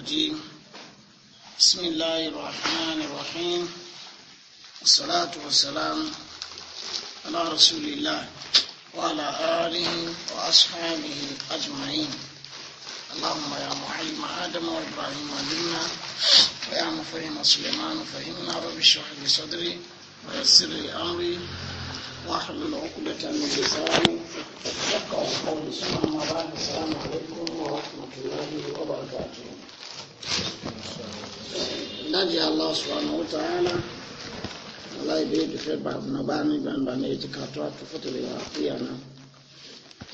الرجيم بسم الله الرحمن الرحيم والصلاة والسلام على رسول الله وعلى آله وأصحابه أجمعين اللهم يا معلم آدم وإبراهيم علمنا ويا مفهم سليمان فهمنا رب اشرح لي صدري ويسر لي أمري واحلل عقدة من لساني يفقه قولي سبحانه وتعالى السلام عليكم ورحمة الله وبركاته نجي الله سبحانه وتعالى الله يبيد في بعض نباني بان بان يتكاتوا تفتل يعطينا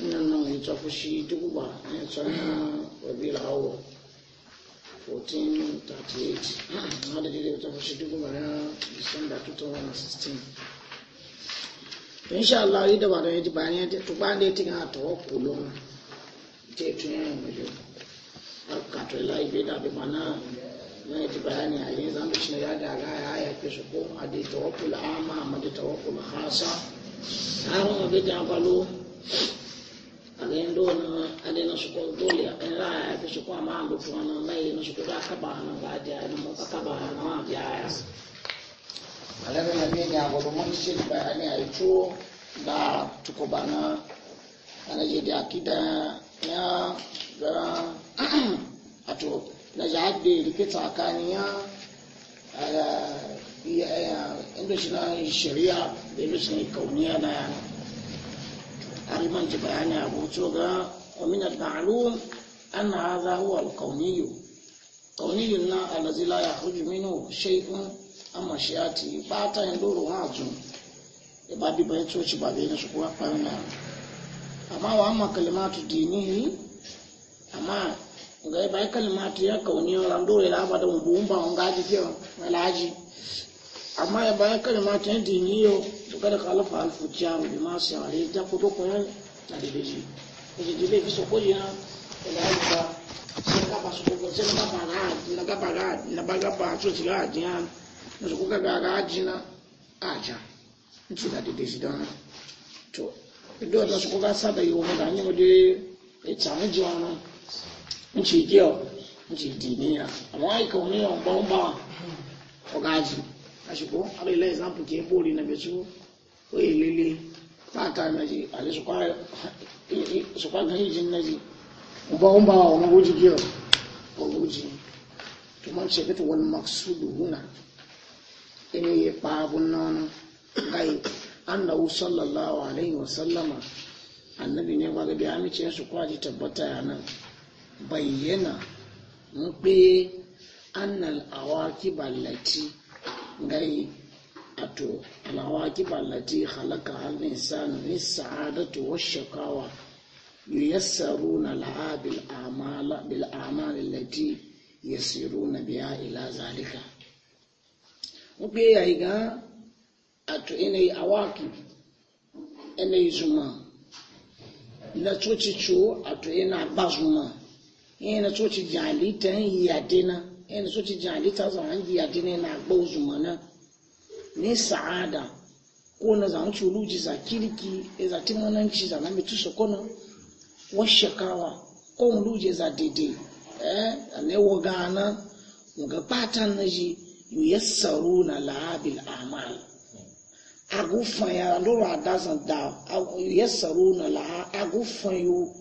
إننا يتفشي دقوا يتسمى وبيل عوض 1438 na da sha Allah yi da ba da ya ji da ya tiga ke tun da mana bayani a yin zama shi ya da ga ya ya fi su ko a da amma a da balo again dona ade na suko dole era ade suko ama ando fona mai na suko da kaba na ba dia na mo kaba na ma bia ya alaga na bi ga go mo shi ba ani ai tuo da tuko bana ana je da kida ya ga ato na ja de rikita kaniya ala ya inda shi na shari'a da shi kauniya na yana أرمان جبعاني أبو توغا ومن المعلوم أن هذا هو الكوني كوني الذي لا يخرج منه شيء أما شياتي باتا يندور وعزم يبابي بيتو شبابي نشكوا قرنا أما وأما كلمات دينه أما ga ya bai kalimatu ya kauni ran dole laba da mu a on gaji na laji amma ya bai kalimatu ya diniyo kada ka alafa alfu jaru bi masu yare ta fito koyon na da beji da ke jibe fi soko da haifa ka ba na ba na gaba ga na ba gaba so ci ga ajiya na su kuka ga ga ajina aja nci da dede shi don to ido da su kuka sada wani da nima dai ya cani jiwa na wani yawan bamba ko gaji a shigo abin lai zampu ke bori na besu wai lili ta ta naji a ji su kwa gani jin naji uba umba wa wani guji giyar wa guji to man ce fita wani maksudu huna ina yi babun nan gai annahu sallallahu alaihi wa sallama annabi ne ba ga biya mice su kwaji tabbata ya nan bayyana mu pe annal awaki ballati gai wato lawakiban lati halaka al-insan min sa'adati wa shaqawa yuyassiruna al-abil amala bil ya siru na biya ila zalika wuke yayi ga ato yi awaki yi zuma na coci co ato ina ba zuma ina coci jalita yadina ina coci jalita zan yadina ina gbo zuma na ne sa'ada ko na zan ci luji za kirki e za timonanci za na mitu sokono washakawa ko luji za dede eh ne wogana muga patan naji yuyassaruna lahabil amal agufan ya loro adazan da yuyassaruna laha agufan yu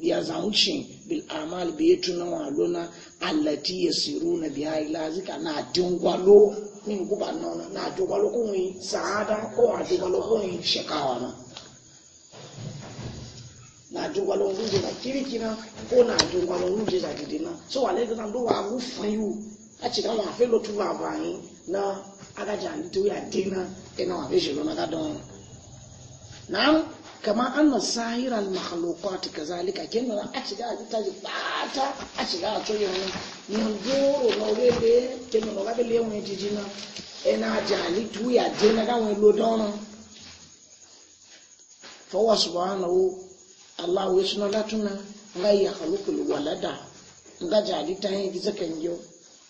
ya zamuci bil amal bi yatuna walona allati yasiruna biha ila zika na dingwalo ni nguba nona na ajuba lokuni saada ko ajuba lokuni shekawa na na ajuba lokuni na kirikina ko na ajuba lokuni za gidina so wale ga ndo wa gu fayu a cika wa fe lo tuwa bayin na aga jan to ya dina ina wa be jelo na ga don na kama annan sahiran makhluqat kazalika kenno na a shiga a ta ji bata a shiga a tsoye ni e ni ngoro no lebe kenno no gabe le won na. Ina jali tu ya je na ga won lo don fa wa subhanahu allah wa sunna latuna ngai ya khaluqul walada nga jali ta yi zakan yo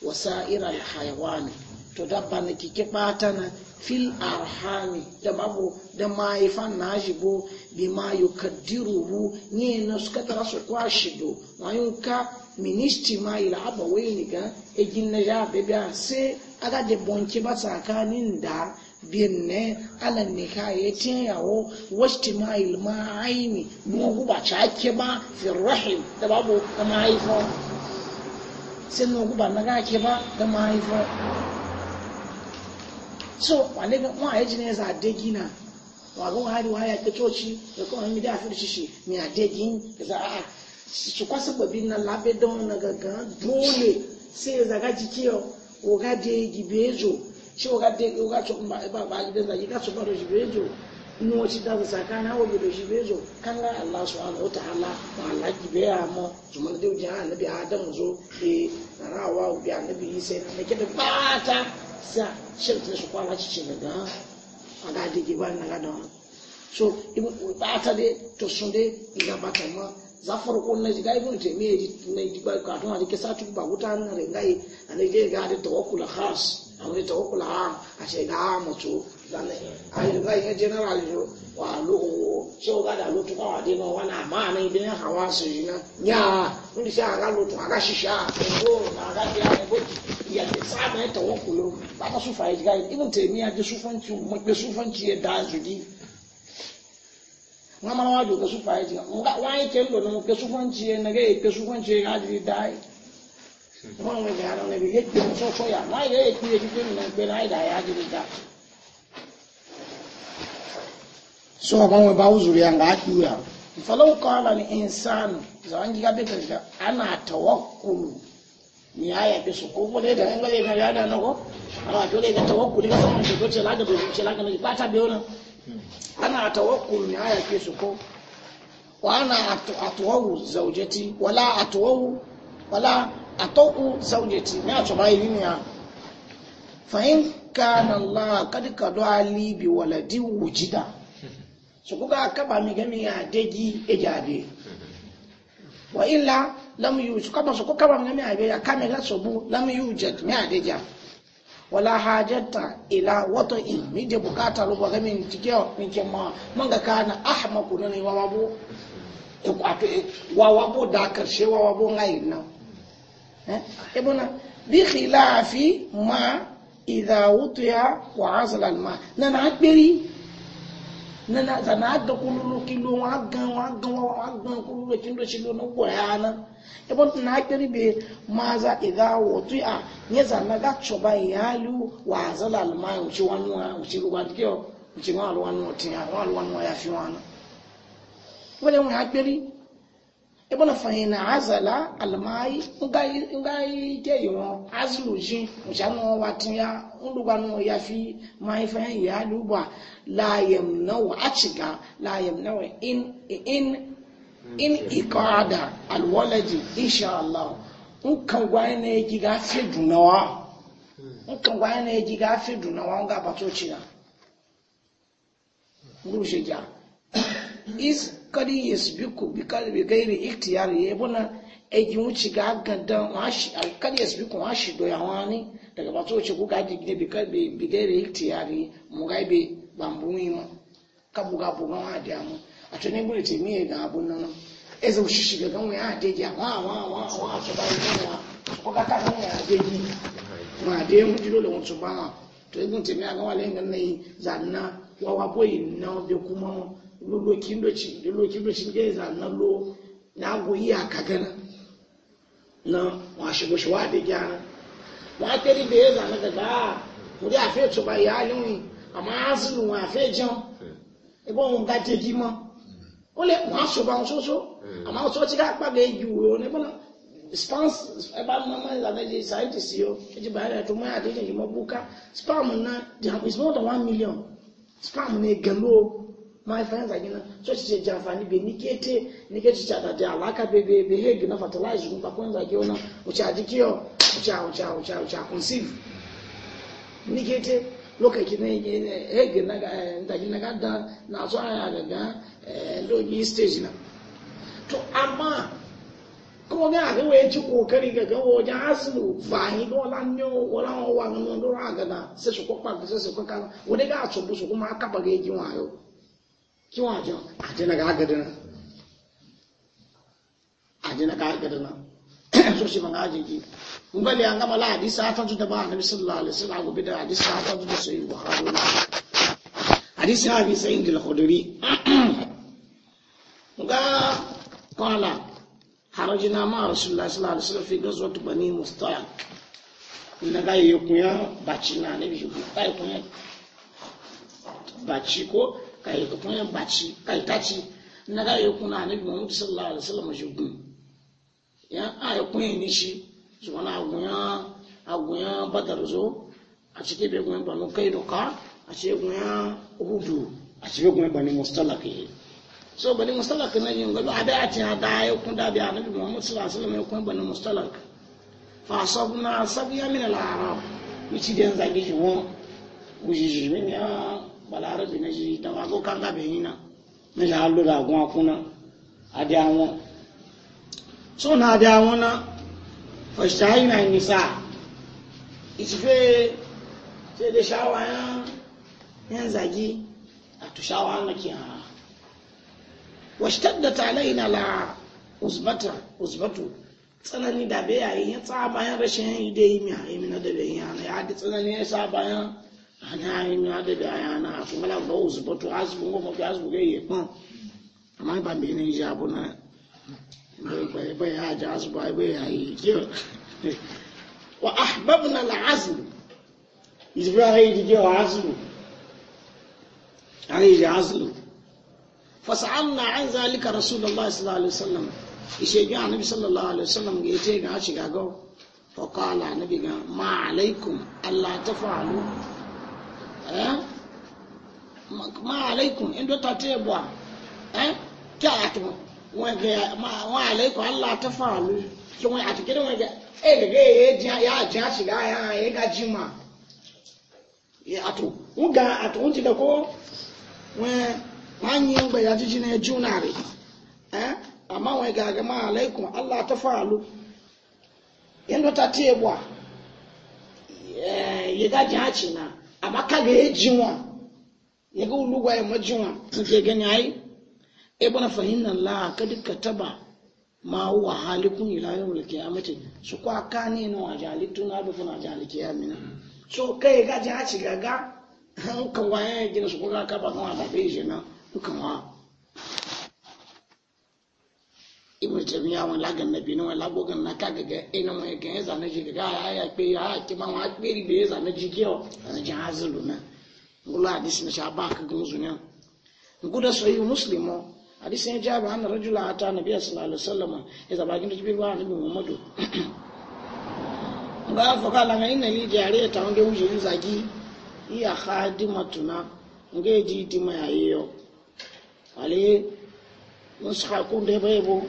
wasa'iral hayawan to dabba na kike bata na fil arhami da babu da mahaifan na bo bi ma yukaddiruhu ni na suka tara su kwashi do yi ka ministi ma la'aba wai ni ga egin na ya bebe sai aga de bonke ba tsakanin da binne ala nika yawo e tiyawo wasti ma ma aini mu guba ba fi rahim da babu da mahaifan sai mu guba na ga ke ba da mahaifan so wale ga wa yaji ne za de gina wa ga wa hari wa ya ke toci da kuma mi da afirci shi mi a de gin za a su kwasa babin na labe don na gaga dole sai za ga jikiyo o ga de gibejo shi o ga de o ga to ba ba gibe za ga so ba do gibejo nu o ti da za ka na o bi do gibejo kan ga Allah subhanahu wa ta'ala wa Allah gibe ya mo zuma da de o ji annabi adam zo e rawa o bi annabi sai na ke da fata sa shirka su kwa cikin daga a ga digi ba na gada wani so ba ta dai to sun dai iga ba ta ma za farko na ji gaibin ta me ji na ji ba ka tun a jike sa ba wuta na ringaye a na ga ga da tawakkul khas a wani tawakkul ha a ce ga mutu dan ai ga general yo wa so da lutu kan wade ma wani amana idan ya hawa su yi na ya wani sai aga lutu aga shisha ko aga biya ko ya ke tsama ka sufa a zudi ka sufa ne bi muso n'a da ya da. so kan wa ba uzuri an ga kiwa falau qala ni insanu zawan giga be kaza ana tawakkulu ni aya be su ko bole da ya gale ga da na ko ana dole ga tawakkuli ga san ko ce laga do ce laga ne bata be wannan ana tawakkulu ni aya be su ko wa ana atwawu zawjati wala atwawu wala atau zawjati ni a tsoma yi ni ya fa in kana allah kadika kadu ali bi waladi wujida sukuga kaba migami ya deji ejade wa illa lam yu sukaba suku kaba migami ya beya kamila sobu lam yu jet mi adeja wala hajata ila wato in mi de bukata lu bagami ntike nike ma manga kana ahma kunani wa wabu wa wabu da karshe wa wabu ngai na eh ebona bi khilafi ma idha wutiya wa azla al ma na na akbiri nana zana ga kululu kilo wa ga wa ga wa ga kululu kilo shilo na goya na ibon na kirbe maza idha wutia nye zana ga choba yalu wa zala almai uchi wanwa uchi ruwa dikyo uchi wa alwanwa tinya wa alwanwa ya fiwana wale mwa hakberi ibn fahina azala almai ngai ke yiwo azlu ji janu watin ya ndugwanu ya fi mai fahin ya luba la yamnau achiga la yamnau in in in iqada alwalaji inshallah Allah nkan gwai ne ji ga fi dunawa nkan gwai ne ji ga fi dunawa ga batoci na ndu sheja is kad yasbiku bi bi kalbi gairi ikhtiyar ya buna egin wuce ga gandan washi kad yasbiku washi do wani daga ba to ce ku ga digne bi kalbi bi gairi ikhtiyar mu ga be yi mu ka buga buga wa da mu a to ne gure te mi ga abun nan ezo shishi ga ganwe a de ja wa wa wa wa so ba ni wa ko ka ka ni a de ji ma de mu dilo le mu to ba to egun te mi ga wa le ngan nei zanna wa wa boy na be kuma lokin doci da lokin doci ga yanzu na lo na goyi a kagana na washe goshe wa da gyara wa tari da ya zana daga muri a fe tuba ya halin amma na wa fe jan ebe ohun ga te gima o le wọn so ba so so amma o so ti ka pa ga eji wo ne bana spams eba mama zana je scientist yo eji bayani to ma adi ne yi mabuka spam na is more than one million spam na e galo mahaifiyar zagi na so ce ji amfani bai nike te nike ci cada da alaka bebe be hegi na fertilizer kun bakon zagi wani wuce a jiki yau wuce a wuce a a nike te lokaci na hegi na n'azụ stage na to ga ga ga ga nyo wa ra ga na se so ko pa se ko ka ga aka ba ga kí wọ́n àjọ àjẹ́nàgà so shi ban an gama ta tuta ba sallallahu alaihi wasallam gobe da hadisi ta tuta sai hadisi khudri ga qala harajina ma rasulullahi sallallahu alaihi wasallam fi bani mustaq ina ga bi shi ko ka yi kafin yan baci ka yi taci na ga yi kuna anabi muhammadu sallallahu alaihi wasallam shi gun ya a yi kun yi ni shi su wani agunya agunya badar zo a cikin bai gun banu kai doka a cikin gunya hudu a cikin gun banu mustalaki so bani mustalak na yin gado a bai a da, hada ya kun da bi anabi muhammadu sallallahu alaihi wasallam ya kun bani mustalak fa sabu na sabu sabiya min al-arab ci den zagi shi won wujiji min ya balarabi na shi da ko kanga bai yi na na a halu da agun akuna a da awon so na da awon na fashtayi na nisa isife sai da shawa yan zagi a tushawa na ke ha washtadda talai na la uzbata uzbatu tsanani da bai yayin ya tsaba yan rashin yan yi da yi mi a yi na da bai yi ya da tsanani ya sa bayan anya anyị na adịghị anya na afọ mala mgbe ozugbo tụ azụ nwa mọbi azụ ga ihe kpọm amaghị ịba mbe na-eji abụ na ebe ya aja azụ bụ ebe ya ihe ji wa na azụ izibe anyị ijije ji azụ ji azụ fasalna an zalika rasulullahi sallallahu alaihi wasallam ishege annabi sallallahu alaihi wasallam ga ga ma alaikum Eh? ma alaikum in dota ta yabo eh? kya ato wanga ma alaikum Allah ta falu kin wai ati kidan wanga eh, e gaga ya ya ja shiga ya ya ga jima ya ato uga ato unti da ko we manyi ngba ya jiji na junare eh amma wai gaga ma alaikum Allah ta falu in dota ta yabo ya ga ja na amaka ga eji nwa ya ga ulugwa ya maji nwa nke gani ai ebe na fahimna la ka duka taba ma wa halikun ila yau da kiyamati su kwa ka ne na wa jalitu na da kuna jali mina. so kai ga ji ha ci gaga kan waye gina su kuka ka ba kan wa da bai jina dukan wa ibn jamiya wọn lagan na benin wọn labogan na kaga ga ina wọn ga ya zane ji ga ya ya pe ya ki ma wọn pe ribe ya zane ji ke o zane ji hazulu na ngula hadisi na shaba ka gun zunya nguda sahihu muslimo hadisi ya jabi anna rajula ata nabiy sallallahu alaihi wasallam ya zaba gin jibi wa nabi muhammadu ga fa kala ga inna li jariya ta wanda wuce yin zagi iya khadimatuna ngeji ti mayayo ale musa kun da bo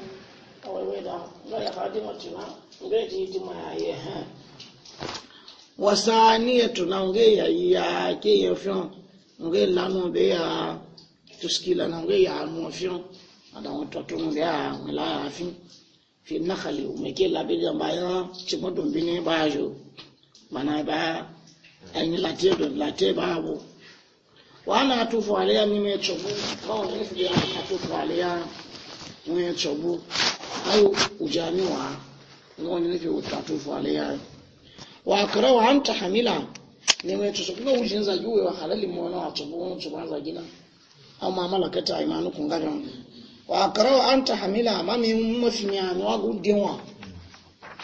awaiweda ngaya kadima tina ngeji itima yaye ha wasaniye tuna nge ya ya ke ya fion nge lanu be ya tuskila na nge ya mu fion ada wato tun da ya mila ya fi fi nakhali umeke labe da baya chimodun bine bajo mana ba ayin latie do latie babo wana atufu alea mime chobu kwa unifu ya atufu ni mime chobu au kujamiwa kuma wani nufi wutatu faliya wa akara wa hanta hamila ne mai tusu kuma wujin zagi wa halalin mu a tsubun tsubun zagi na au ma malakata a imanu kun gajan wa akara wa hanta hamila ma mai mafi ya ni wa gudewa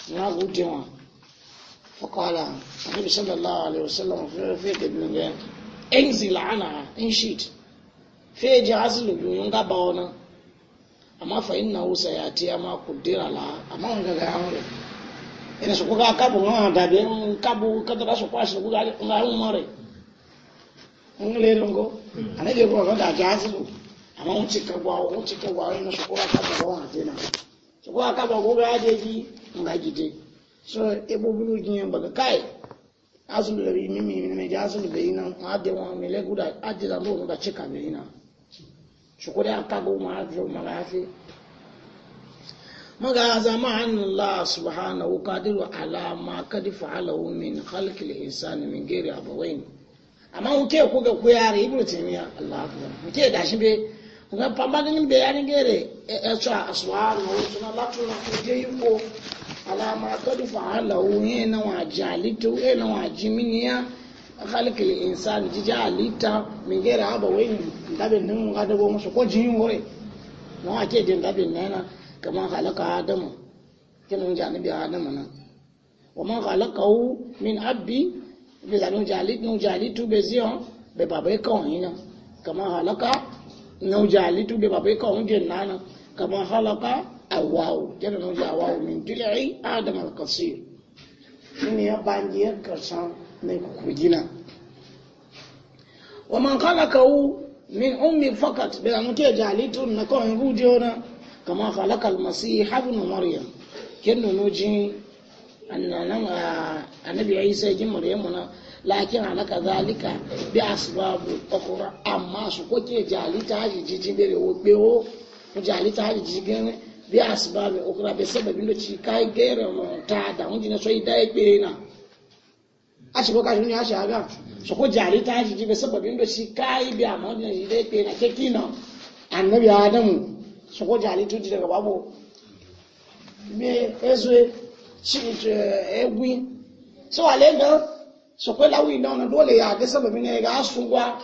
ni wa gudewa fakwala a kabi sallallahu alaihi wasallam fi fi ka bi ngayen en zila ana en shit fi ya ji hasilu amma fa inna ya ti kudira la amma wanga ga yawon ina su kuka kabu nga hmm. da be un kabu kadara su kwashi kuka ga yawon mare un le longo ana je ko ga ja su amma un ci ka gwa un ci ka gwa ina su kabu ga wa su kabu ga je ji nga gide so e bo bulu ga kai ne ja ma de wa guda ajira shukuri akaga umahafi umahafi magaza ma'an Allah subhanahu qadiru ala ma kad fa'alahu min khalqil insani min ghairi abawain amma unke ku ga ku yare ibnu taymiya Allah akbar Nke da shi be ga pambanin be yare gere e tsa aswar no na latu na ku je yuko ala ma aka dị kad fa'alahu ina wa jalitu ina wa jiminiya khalqil insani jija alita min gera aba wai dabin nan ga dabo musu ko jin wore mu ake din dabin nan kama khalaqa adamu kinan janibi adamu nan wa ma khalaqahu min abbi bi zanu jalit nu be zion be babai kawon ina kama halaka nu jalitu be babai kawon din nan kama halaka awawu kinan nu jawawu mai ku wa man hu min ummi fakat bi an ke jalitun na ko ngu jona kama khalaka al-masih ibn maryam kendo no ji annanan annabi isa ji maryam na lakin alaka zalika bi asbabu ukhra amma su ko ke jalita ji ji bere wo pe o jalita ji ji gen bi asbabu ukhra be sababin da ci kai mo ta da mun ji na so idai pe na a shi baka shi ne a shi haga su ko jari ta shi jibe sababin da shi kayi biya ma wannan shi dai pe na keki na annabi adamu su ko jari tuji daga babu me ezwe shi egwi e, e, so ale ga su ko lawi na wannan dole ya ga sababin ne ga su gwa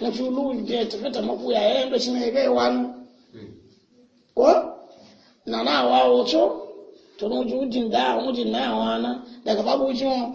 na tulu je ta fita maku ya yayin da shi ne ga wani ko na na wa wato to no judin da mu mujin na wana daga babu jin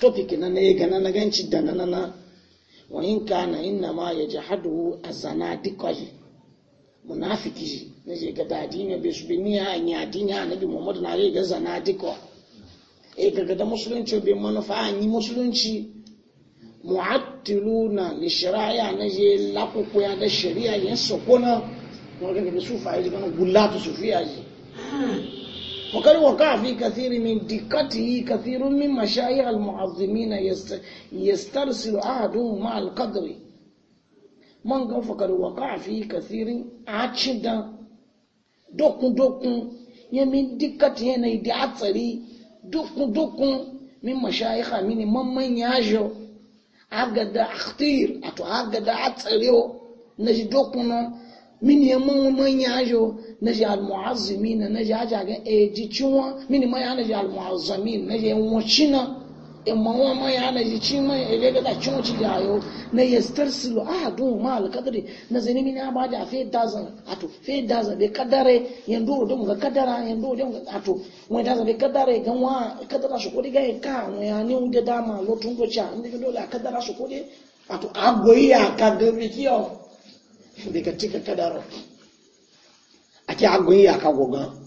topic na na ga na ganci da na na wa in in inna ma ya yajhadu yi munafiki na je ga dadi ne bai su be ni ya ni adini annabi muhammadu na ga zanadiqo e ga da musulunci bai manufa a ni musulunci mu'attiluna li shari'a na je lakuku ya da shari'a yin sokona wa ga su sufa ya ga na gullatu sufiya ji وقد وقع في كثير من دقته كثير من مشايخ المعظمين يست... يسترسل عهدهم مع القدر من فقد وقع في كثير عشدا دوكن دوكن يمين دقته هنا يدي عطري دوكن دوكن من مشايخ من من ياجو agada akhtir ato agada atsariyo na shi dokuna min ya manya jo na ji almu'azzimi na na ji aja ga e ji ciwa mini ma ya na ji almu'azzami na ji ci na imma wa ma ya na ji ci ma e le ga da ciwa ci da yo na yastarsilu ahadu ma alqadri na zani mini ba da fe dazan ato fe dazan be kadare yando do mu ka kadara yando do ka, ato mu dazan be kadare ga wa kadara shi ko diga ka mu ya ni un ga dama lo tun go cha ndi do la kadara shi ko de ato agoyi aka ga bi kiyo be ka tika kadaro 加工也搞过个。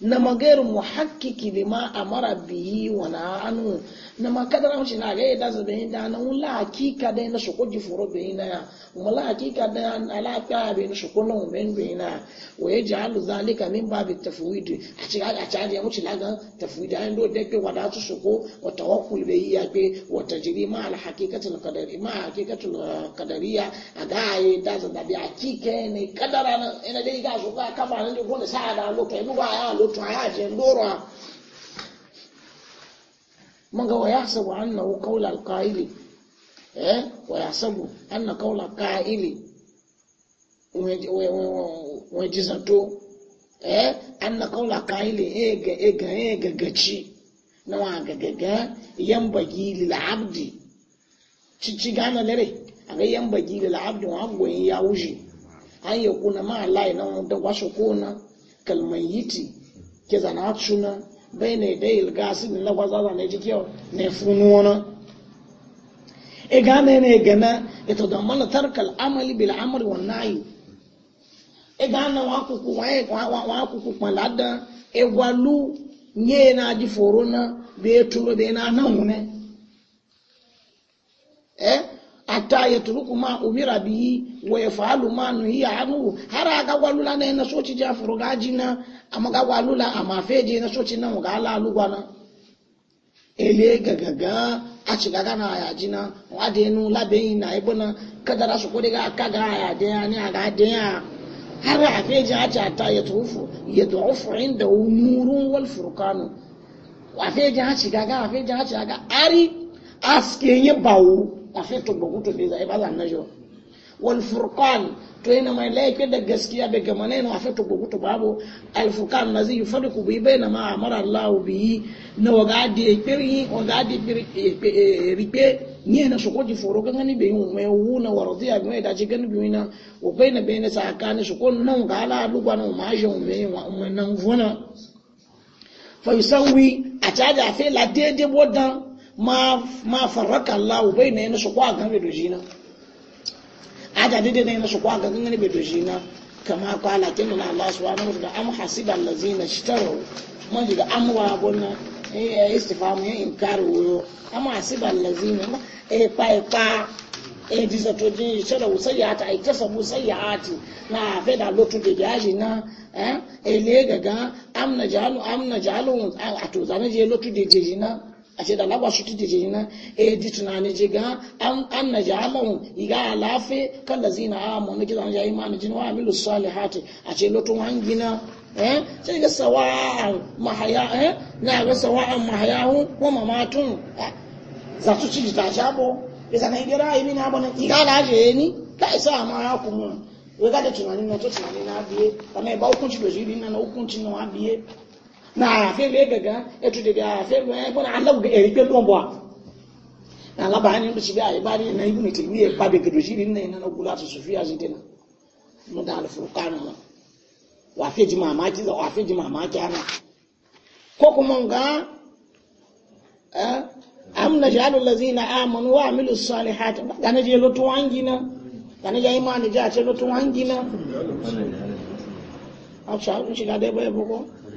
na magairu mu hakkiki ma a mara biyi wani anu na kadara amshi na ga da su yin da nan wula hakika dai na su kuji furo bayin na ya wula hakika dai na lafiya na su kuna umen bayin na ya waye ji halu zalika min babi tafwid a ci a ci a mu na gan tafwid da do da ke wada su su ko wa tawakkul bayi ya ke wa jiri ma al haqiqatul qadari ma haqiqatul eh, qadariya a ga yadda su da bi hakika ne kadara na ina dai ga su ka kafa ne ko da sa da lokacin ba ya lokacin tun ya je dora maga wa yahsabu annahu qawla alqa'ili eh wa yahsabu anna qawla qa'ili wa jizato eh anna qawla qa'ili ega ega ega gaci na wa gagaga yan bagi lil abdi cici gana lere a ga yan bagi lil abdi wa goyin ya wuce an kuna ma Allah na da wasu kona kalmayiti ke zana cunan bai ne da ilga su ne na kwaza zane ji kyau ne funu wani e gane ne gana ita e da mana tarkal amali bil amari wa nayi e gane wa kuku wa wa kuku kwalada e walu nye na ji foro na be turo bai na nan wune eh hatta ya turuku ma umira bihi wa ya fa'alu ma nuhiya anhu har aga walula na na soci ja furugaji na amma ga gwalula amma feje na soci na ga lalu gwana ele gagaga a shiga gana ya jina wa da yanu labeyin na e na kadara su ko ga aka ga ya da ya ni aga da ya har a feje a ta ta ya turufu ya turufu inda nurun wal furkanu a feje a shiga ga a feje a shiga ga ari aske yin bawo afi to bugu to be ba zan najo wal furqan to yana mai laifi da gaskiya da gama ne na afi babu al furqan na zai ku bi baina ma amara Allah bi na waga di ekperi waga di ripe e, e, e, nye na soko ji foro kan ni bai mu wu na waradiya a mai dace gan bi na wa baina baina sakani soko nan ga ala lugwa na ma je mu mai mu nan vona fa yusawi a caja fe la dede bodan ma farraka Allah bai na yana su kwa gan bai doji a aja da yana su kwa gan bai doji kama kwala kin na Allah subhanahu wa da am hasiba allazina ishtaru man diga amwa gonna eh, eh istifamu ya eh, inkar wuyo am hasiba allazina eh pa eh, pa eh disa to din ishtaru sayyata ay ya ati na fe da lotu da yaji na eh ele gaga am na jalu am na jalu a ah, to zanaje lotu da jeji na ashe da lagwa shi tuti na. e ji tunani je ga an na ji halawun iga alafe kan da zina a mu nake zan ja imani jin wa amilu salihati a ce lotun hangina eh sai ga sawa'an mahaya eh na ga sawa'an hu ko mamatun za su ci ta jabo bisa na igira imi na bana iga je ni ta isa ma ya mu. we ga da tunani na to tunani na biye kamar ba hukunci da jiri na hukunci na biye na aya fe me gaga etu de aya fe me e bona Allah ga eri e pe lombo na la ba ni mbi sibi ayi e ba ni na ibn taymiye pa be gedo shi ni na na gula su ji zin na mu da al-furqan ma wa fe ji ji za wa fe ji mamaki ana ko kuma ga eh am najalu allazina amanu wa amilu salihat da na je lotu wangina da na je imani ja ce lotu wangina a cha shi ga dai bai bugo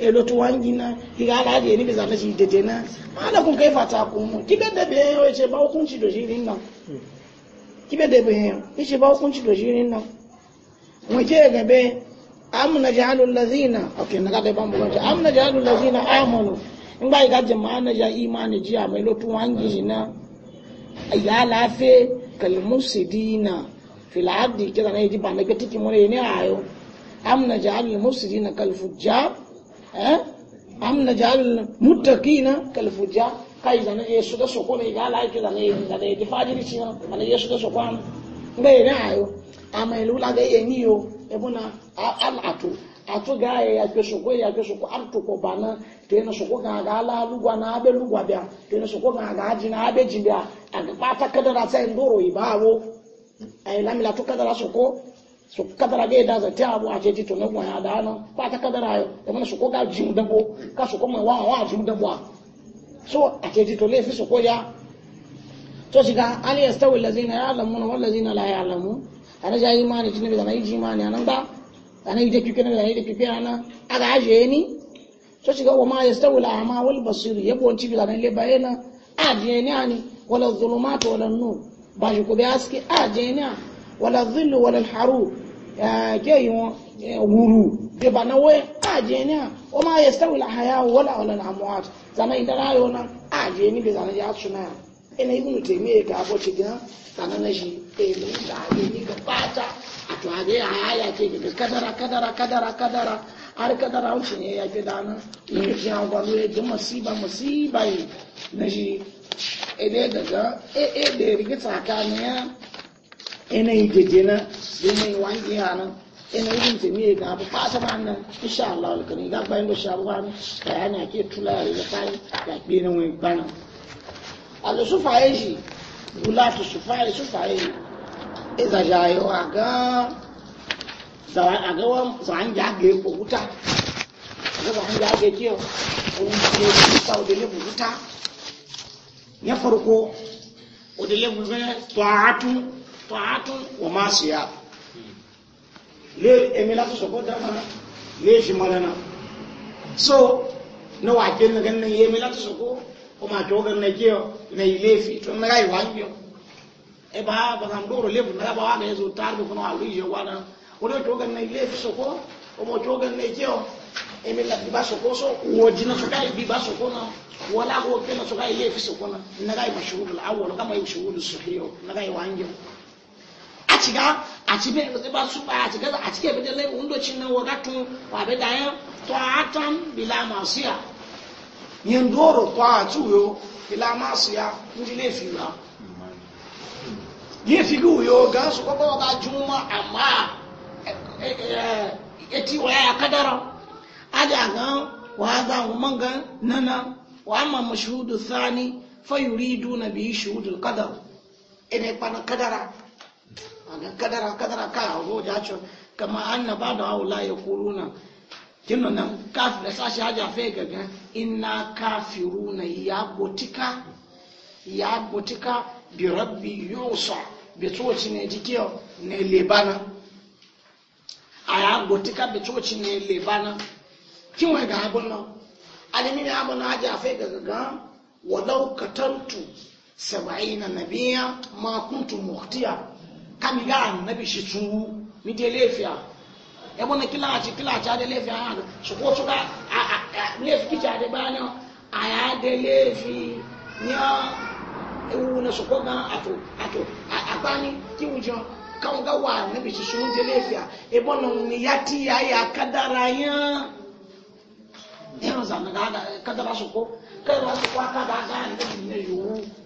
elo tu wangina igala aje ni bizata shi tetena ala kun kai fata kumu kibe da be yo ce ba hukunci do jirin nan kibe da be yo ce ba hukunci do jirin na mu ce ga be am najalu allazina okay na ga da ban buga am najalu allazina amanu in ba ga jama'a na ja imani jiya mai lotu wangi na ya lafe kalmusidina fil abdi kida na yi ba na ga tiki mun ne ayo am najalu almusidina kalfujjar Eh? am na jalil muttaqina kal fujja kai zana yesu da soko ne ga laiki zana zana di fajiri ci na ana yesu da soko an ngai ne ayo ama ilula ga yeni yo ebuna al atu atu ga ya ke soko ya ke soko artu ko bana te na soko ga ga la lugwa na abe lugwa bia te na soko ga ga ji na abe ji bia aga pata kadara sai ndoro ibawo ai e lamila to kadara soko su kadara ga da ta abu a jeji to na gwaya da nan ba ta kadara yo da mana su ko ga jin dabo ka su ko mai wa wa jin dabo so a jeji to le fi su ko ya to shiga ali yastawi allazina ya'lamuna wal ladzina la ya'lamun ana ja imani jin da na yi imani anan ba ana yi da kike na da yi da kike ana aga aje ni to shiga wa ma yastawi al ma wal basir yabo ci bi da le bayana aje ni ani wala zulumatu wala nur ba shi ko bi aski aje ni ani wala zillu wala haru ke wuru ke ba na wai a, ne o ma ya stawi la haya wala wala amwat zana idara yo na aje ni be zana ya suna ina yi ibnu taymiya ka abo ci ga zana na shi e ni da aje ni ga a to a haya ke ga kadara kadara kadara kadara har kadara wuce ne ya fi dana ni ji an gwalo ya ji masiba masiba ne na shi ede daga e e da rigita ka ne ya ina yi jeje na sai mai wange ya nan ina yi jin jami'a ga abu fasa ba nan insha Allah alkani ga bayan da shabuwa ne bayani ke tula ya da kai ya ke nan wani bana Allah su faye shi gula ta su faye su faye iza e jayo a ga zawan a ga wan zawan ya ga ko wuta ga zawan ya ga kiyo kun ce saudi ne wuta ya farko odele mu ga ta'atu طاعة ومعصية ليه إملا تسوكو دفنا ليه شمالنا so na wake na ganin yi mila ta soko kuma to ga na ke na ilefi to na rai wa yo e ba ba kan doro lefu na ba wa ga yazo tar ko na wuri je wa na wuri to ga na ilefi soko kuma to ga na ke e mila ba soko so wo jina so kai bi ba soko na wala ko ke na so kai ilefi soko na na rai mashhurul awwal kama yushhurul suhiyo na rai wa yo shiga a ci bai ba ba su ba a shiga a cike bada lai wundo cin nan waga tun wa bai da yan to atan bila masiya yin doro to a tuyo bila masiya ndi le fi ba ye fi gu yo ga su ko ba ga juma amma eh, eh, eh, eti waya ya kadara a aja ga wa za mu manga nana wa amma mashhudu thani fa yuriduna bi shuhudul qadar ene kana kadara ga kadara kadara ka ago jacho kama anna bado au la yakuluna kinu na kafi da sashi haja fega ga inna runa ya botika ya botika bi rabbi yusa bi tsoci ne jikiyo ne lebana ya botika bi tsoci ne lebana kin wai ga abun nan alimi ne abun nan haja fega ga walau katantu sab'ina nabiya ma kuntu mukhtiya kamiga annabi shi tsuwu ni te lefiya ya e bane kila ci kila ci da lefiya yana su ko su ga lefi kici da bani a ya da lefi ya ewu na su ko ga ato ato a bani ki wujo kan ga wa annabi shi su da lefiya e bane ni ya ti ya ya kadara ya yan e zan ga kadara su ko kadara su ko kadara ga annabi ne yiwu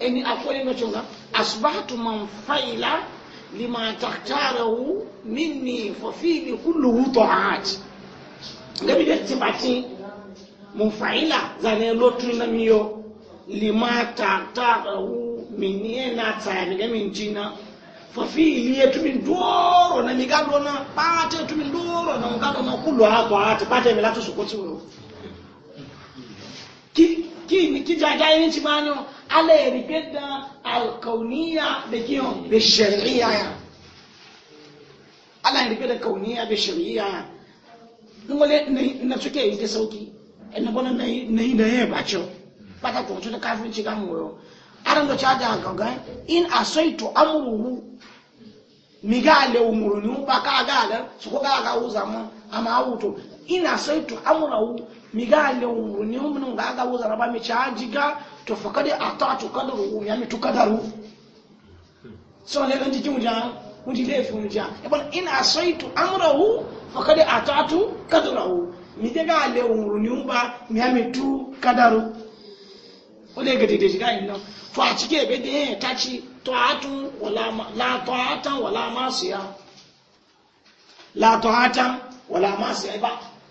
eni afori no chunga asbahtu man faila lima takhtarahu minni fa fihi kulluhu ta'at ngabi de timbati mun faila zane lotu na miyo lima takhtarahu minni na tsani ga min jina fa fihi yetu min doro na mi gado na pate tu min doro na ngado na kullu ha ta'at pate mi latu sukoti wo ki ki ki jaja yin timanyo ala yarige da da ya ala yarige da kauniya da ya in wale na suke yi sauki ina na yi da ya bace migale umurunu baka gaga su ko gaga uzama ama auto in asaitu amruhu migale umurunu mun gaga uzara to fa kada a ta to kada ru ya mi to kada ru so ne dan jikin wuja wuji da fi wuja ibn in asaitu amrahu fa kada a ta to kada ru mi de ga le umru ni umba mi ya mi to kadaru? o de ga dide shiga yin nan to a cike be de ta ci to atu wala la to atan wala masiya la to atan wala masiya ba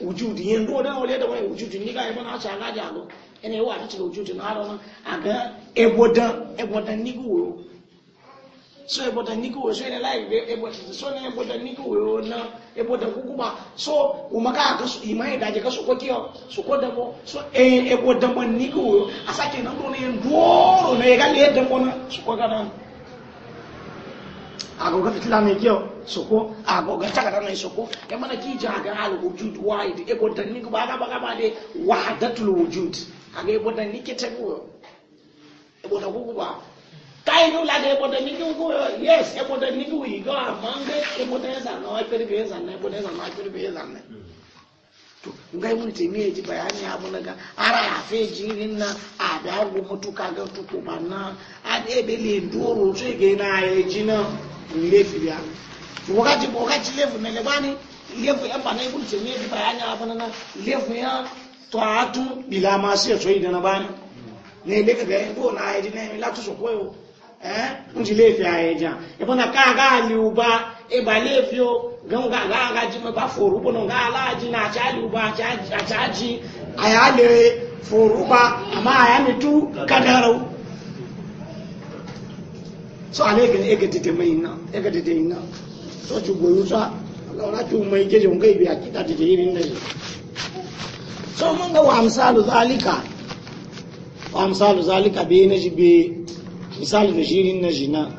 wujudu yin do da wale da wani wujudu ni ga yi na aca ga jalo ene wa ta wujudu na aro a ga ebodan ebodan ni guwo so ebodan ni guwo so ene lai be ebodan so ne ebodan ni guwo na ebodan kukuba so umaka ga su imai da ga su ko kiyo su ko da mo so e ebodan man ni guwo asake nan do ne ndoro ne ga le da mo na su ko ga nan agogo fitila mai kyau soko agogo takardar mai soko ya mana ki ji haka al wujud wahid e ko dan ni ba ga ba ga ba de wahdatul wujud kaga e bodan ni ke tabu e bodan ku ba kai no la de e bodan ni ku yes e bodan ni ku yi go among e bodan za no e pere be za na e bodan za na e pere be za na to ngai mun te mi ji bayani abu na ga ara ya fe jirin na a da go mutu kaga tuku ba na a de be le ndoro sai ga na e jinan lefi biya wakati wakati lefu na lebani lefu yan bana ibn taymiya bi bayani abana na lefu ya taatu bila masiya to idana bani ne leka ga ko na ayi ne mi latu so koyo eh unji lefi ayi ja e na ka ga liuba e ba lefi o gan ga ga ga ji ma ba foru bona ga ala ji na cha liuba cha cha ji aya le foru ba ama aya mi tu kadarau so ale kan ega tete mai na ega tete na. so ju goyu sa laura ju mai geje unga biya akita tete irin ne so mun ga wa misalu zalika wa misalu zalika be na ji be misalu da shirin na jina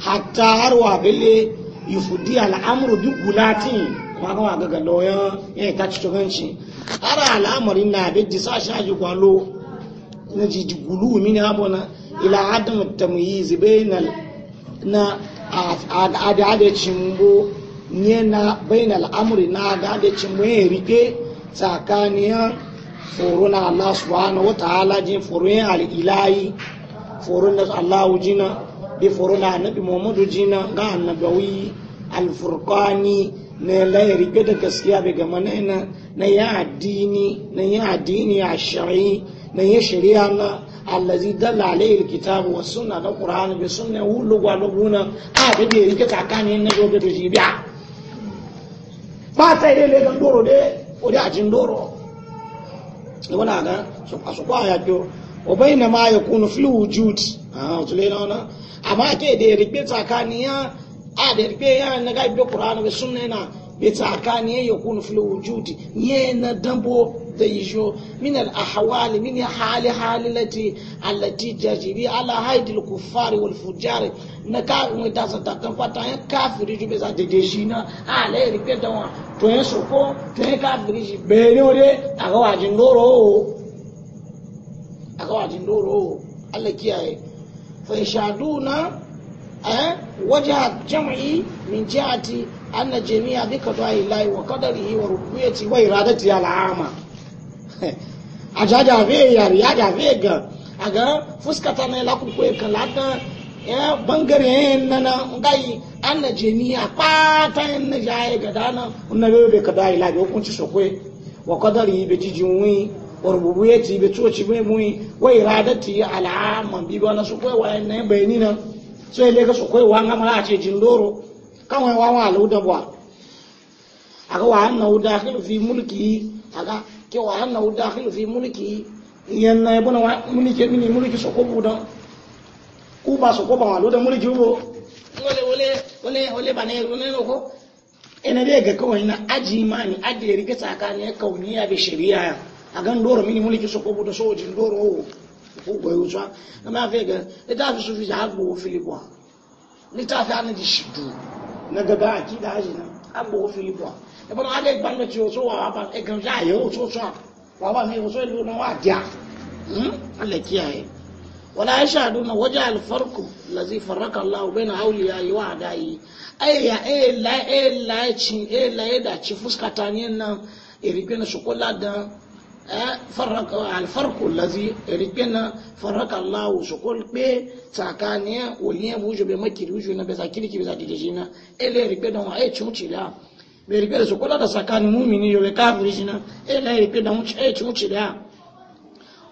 hatta har wa bele yufudi al'amuru bi gulatin ma ga ga ga loyan ya ta ci tuganci har al'amarin na be ji sa shaji kwalo na ji gulu mini abona ila adam tamyiz bainal na adada cimbo ne na bainal amri na adada cimbo ya rike tsakaniyan foro na Allah subhanahu wa ta'ala jin foro yin al'ilayi foro na Allah jina bi foro na annabi Muhammadu jina ga annabawi alfurqani ne la ya rike da gaskiya bai gama na na ya addini na ya addini a shari'i na ya shari'a na allazi dalla alayhi alkitab wa sunna da qur'ani bi sunna hu lugwa luguna a da ke rike takani na da to biya. ba ta ile le kan doro de o da ajin doro ne wana ga su asu kwa ya kyo o bayna ma yakunu fil wujud ah to le na amma ke da rike takani ya a da rike ya na ga bi qur'ani bi sunna na bi takani ya yakunu fil wujud ye na dambo ديشو من الأحوال من حال حال التي التي تجري على هيد الكفار والفجار نكا متاسا تكن فتا كافر جو بيزا تجينا على ريبيتا توين سوكو توين كافر جي بينوري اغوا جندورو اغوا جندورو الله كياي فيشهدونا وجه الجمع من جهة أن جميع ذكر الله وقدره وربيته وإرادته العامة a ja da ve yar ya da ve ga a ga fuska ta mai lakun ko kan lata ya bangare na na gai an na jeni a pata yin na jaye ga dana unna be bai ka dai la be hukunci sokwe wa yi qadari be wuyi wa bai be ci bai muyi wa iradati ala man bi ba na sokwe wa na bayani na so ele ga sokwe wa ngama a ce jindoro kan wa wawan aludan a aga wa anna udakhil fi mulki aga ke wa annahu dakhilu fi mulki yanna ya bana mulki mini mulki so ko budan ku ba so ko ba walo da mulki ubo wale wale wale wale bane wale no ko ina dai ga kawai na aji mani aji ya rike tsakani ya kauniya bi shari'a a gan doro mini mulki so ko budan so jin doro ko goyo so amma fe ga ita fi su fi hagbo filibwa ni ta fi ana ji shidu na gaba akida ajina hagbo filibwa ẹ̀bọ́n wá lè gbà lọ́tí oṣù wà wá bá ẹgbẹ̀rún sí àyè oṣù oṣù wà wá ní oṣù ìlú náà wà díà alẹ́ kí ayé wọ́n láyé ṣàdún náà wọ́jà alfarku lazi faraka allahu náà yi ayya ayla ayla ci ayla da ci fuskata ne nan irigin shokola da faraka alfarku lazi irigin faraka allahu shokol pe tsakaniya waliyan na bai sa kirki bai sa didijina ayla da wa ayya cin beribere su kula da tsakanin mumini yobe kafiri shi nan eh la ripe e, da mutu eh cuci da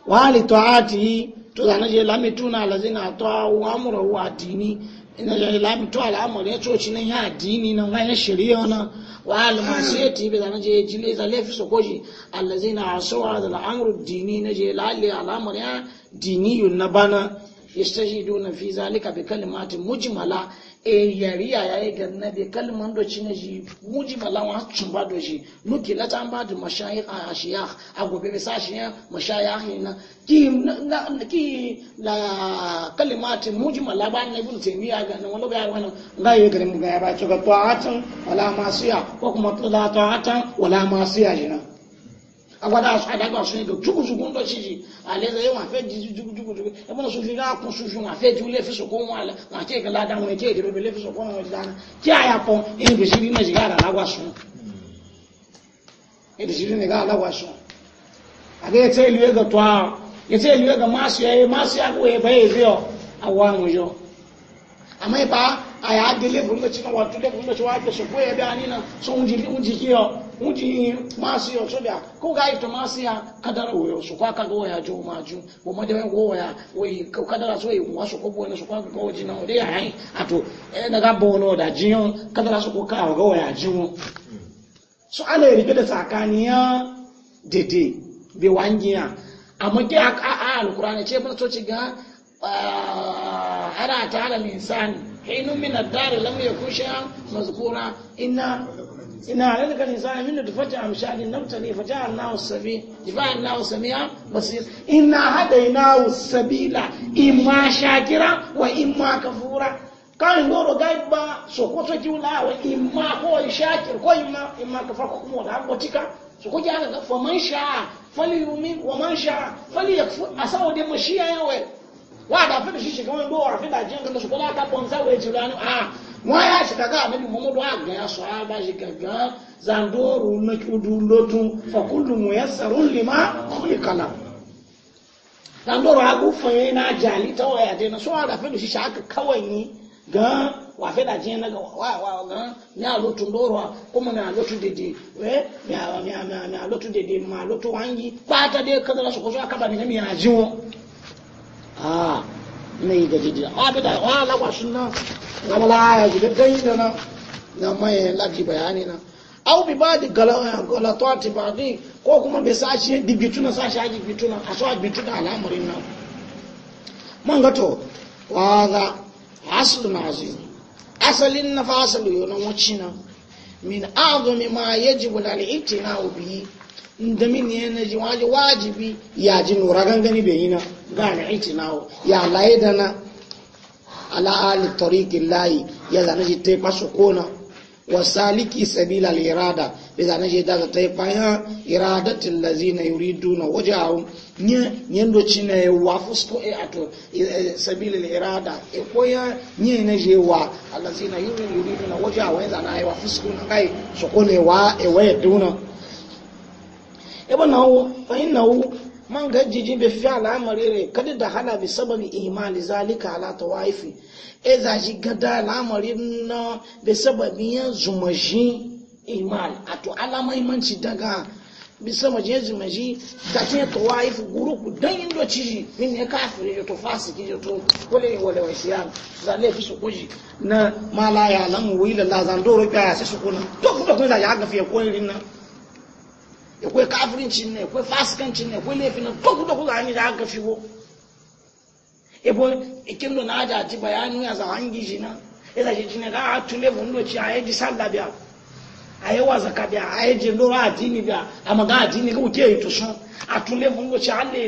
wali ta'ati to da na je lami tuna lazina ta wa amra wa atini ina je lami to al'amari ya cuci nan ya addini nan ga ya shari'a Wali wa al masiyati bi da na je jile za lafi su koji allazina a da al'amru dini na je lalle al'amari ya dini yun na bana na fi zalika bi kalimatin mujmala e yari ya yi ganna da kalman da ci na ji muji malawa cin ba da shi nuki lata ba da mashayi a shiya a gobe sa shi ya mashaya hina ki na ki la kalimati muji malaba na ibn taymiya ga nan wala ga wannan ga yi garin ga ya ba ci ga ta'atan wala masiya ko kuma ta'atan wala masiya jina agbada aṣọ adágbà sun ìdò jùgùjùgù ń dọ̀ṣì yìí àlẹ́zẹ̀ yìí wọ́n di jùgùjùgùjùgù ẹgbọ́n sọ fi rá kún sunsun wọ́n fẹ́ ju wọn alẹ́ wọ́n àti ìkẹlẹ́ adá wọn èké ìdèrò lẹ́fisọ̀ wọn kí àyà pọ̀ ìdìsí bí mẹ́sì yára aláwà sun ìdìsí bí mẹ́sì yára aláwà sun àgẹ́ yẹtẹ́ ìlú ẹ̀gọ̀ tó a rí ọ àwọ̀ àwọn yọ àmọ́ ìbá àyà á tó dé fúnlọ́tì wà á gbèsè fún ẹ̀ bí a nínà sọ oúnjẹ oúnjẹ wuji masu yau su da ko ga ita masu ya kadara wayo su kwa kaga waya jo maju wo ma da go waya wai ko kadara so yi wa su ko bo su kwa waji na o dai hai ato e na ga bono da jiyon kadara su ko ka ga waya jiwo so ala rige da sakaniya dede be wangiya amma ke a alqur'ani ce mun to ci ga hada ta ala insani hinu min ad-dar lam yakun shay'an mazkura inna ina halal kan insani min dufati amshadi nabtali faja'alnahu sabi ja'alnahu samia basir inna hadainahu sabila imma shakira wa imma kafura kawai kan doro gaiba sokoto kiula wa imma ko shakir ko imma imma kafar ko kuma da gotika su kuke haka ga faman sha'a fali yumin wa man sha'a fali yakfur asawo de mashiya yawe wa da fa da shi shiga wani bo wa rafi da jin kan su kula ta bonza wa jilanu a wọ́n yà ṣìkàgá àmẹ́bí muhammadu àgbẹ̀yà sọ àbá ṣìkàgá zandoro nẹ́kúdú lótún fọkúndùmù yẹ sẹ̀rún lèmá kọ́lìkàlà zandoro jali yẹn náà jàlí tọ́wọ́ yà dé náà sọ́wọ́ àdàfẹ́ lòṣì ṣáàkì ah, kawai yìí lotu dede fẹ́ dàjí yẹn náà wà wà gan ní àlótún lóòrọ̀ kọ́mọ ní àlótún dèdè wẹ́ su àlótún dèdè mọ àlótún wáyé pátá dé kẹ́tọ́ lọ́sọ̀kọ́sọ́ yi gaji jiya a bi da wa lagwa sun na na mala ya zuga dai da na na mai laji bayani na au bi ba di galatwa ti ba di ko kuma bai sashi di bituna sashi haji bituna a bi bituna al'amarin nan man to wa ga aslu na azim asalin na fasalu yau na wacce na, min azumi ma yajibu da itina ubi inda min yana ji wajibi ya ji nura gangani bai yi na gane iti nawo ya laidana ala ali tariki layi ya zane shi ta yi wa saliki sabila irada ya zane shi daga ta yi faya iradatin lazina yuridu na waje awon nyen doci na ya e ato e, e, sabila irada e koya nye na je wa alazina yuridu na waje awon ya zane wa fusko na kai su e wa e waye duna ebe na fa inna wo man ga jijin bai fi al'amari rai kada da hala bi sababi imali zalika ala waifi e za shi gada al'amari na bi sababi ya zumaji imal ala alamaimanci daga bi sababi ya zumaji da ta waifi guru ku dan indo ciji min ya kafire to ki ya to kole ya wale siyan za zane fi su kuji na malaya lan wila la zan doro kaya sai su kuna to kuma kuma za ya haka fiye ko rinna ekwe kafirinci ne akwai fasikanci ne ekwe laifin na duk da kuka hanyar aka ebo ikin da na aja ti bayani ya zama hangi shi na ina shi ci ka a tule aye ci a yi ji sallah biya a wazaka biya a yi je lora addini biya a maga addini a le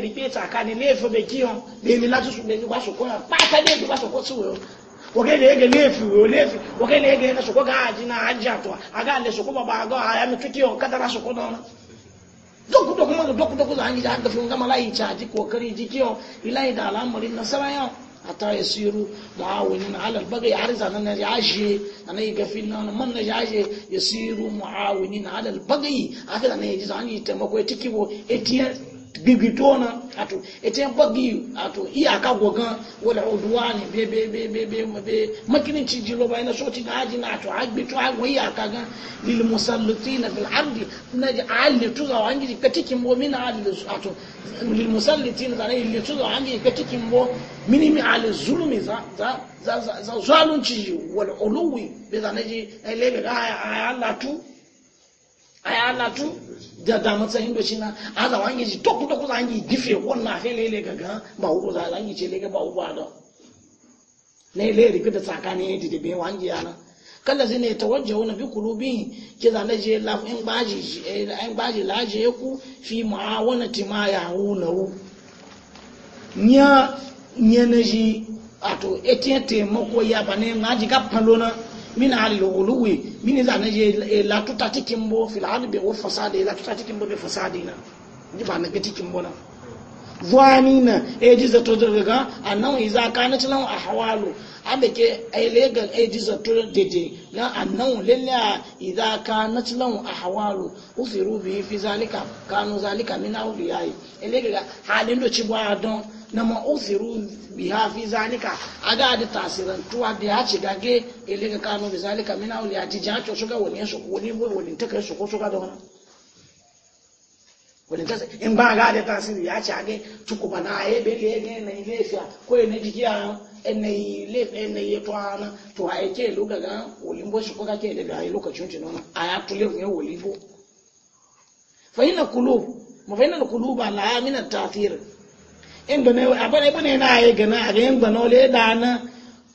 rike tsakani laifin bai su be ni ba ba ko su lefi lefi na ga ajina ajatwa aga le soko duk doku mana duk doku za hangi jahanga fi ngama layi caji kokari ji kiyo ilayi da al'amarin nasara yau ata ya siru mu'awinin ala bagai har zanan na yashe a na yi gafin na man na yashe ya siru mu'awinin ala bagai haka da na yi ji za hangi taimako ya tikibo etiyar gbígbí tó ọ̀nà àtò ètí ẹ̀ bọ́gì àtò ìyá àkàgọ̀ gan wọlé bẹ́ẹ̀bẹ́ẹ̀bẹ́ẹ̀ bẹ́ẹ̀bẹ́ẹ̀bẹ́ẹ̀bẹ́ ti jí lọ́ba iná sọ́ọ̀tì náà ájì náà àtò àgbẹ̀ tó àgbọ̀ ìyá àkà gan lílì mùsàlùtì nàfẹ̀ àrùdì nàjì àlè tó zà wà ń mbọ́ mí nà àlè àtò lílì mùsàlùtì nàfẹ̀ àlè tó zà wà ń mbọ́ mí ní mi àlè zulumi za za za za zalunci wọlé olówì bẹ́ẹ̀ a ya latu da da matsayin da shi na a za wangi ji toku toku za wangi gife wannan afe lele ga ga ba uku za wangi ce lele ba uku da ne le riga da tsakani ne da bai wangi yana kala zai ne tawajjahu na bi kulubi ke za na je lafi in baji eh, in baji laje ku fi mu'awanati ma yahunahu nya nya na ji ato etiyan taimako ya bane ne ngaji ka palona min alil ghuluwi min za na je e, la tuta cikin bo fil albi wa fasadi la tuta cikin bo be fasadi na ji ba na cikin bo na zuwani na e ji zato daga annan iza kana tilan ahwalu abeke ai legal e ji zato dede na annan lalla iza kana tilan ahwalu usiru bi fi zalika kanu zalika min awliyai e legal halin do ci ba don na ma'uziru biha fi zalika a ga da tuwa da ya ci gage ilika kano bi zalika mina wuli a ti jaco suka wani su wani wani ta kai su ko da wani wani ta in ba ga da tasiri ya ci gage tukuba na ya bele ne na ilefiya ko ya na jigiya na yi lefe ya yi to a yake luga ga wulimbo su ko ga ke daga yi lokacin cinona a ya tule ne wulimbo fa ina kulub mafaina kuluba na ya mina tathir indone abana ne na yi gana a yin gbano le da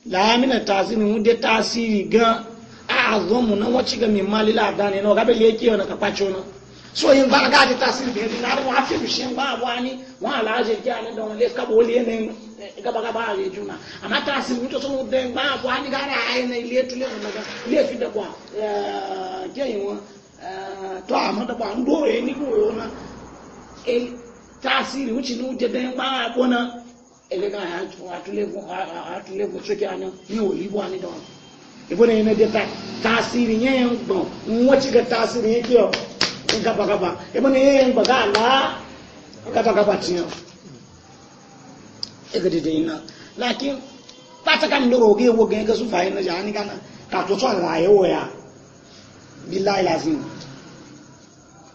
la mina tasiri mu de tasiri ga a azomu na wace ga min mali la dana no gabe le ki ona kapacho na so yin ba ga de tasiri da ni na wa fi bishin ba wa ni wa la je ki ana don le ka bo le ne eh, ga ba ga ba ye juna amma tasiri mu to so mu de ba wa ni ga ra ai ne le tu le na ga le fi da kwa eh ke yin wa eh, to amma da ba ndoro e, ni ko yo na tasiri wuce nu da dan ba gona ele ga ya tu atule bu atule bu soke ana ni oli bu ani don ibo ne ne de ta tasiri nye gbon nwochi ga tasiri nye kio gaba gaba ibo ne ye gbaga la gaba gaba tiyo e ga de ina lakin pata kan doro ge wo ge ga su fa ina ja ni kana ka to so ala ye wo ya billahi lazim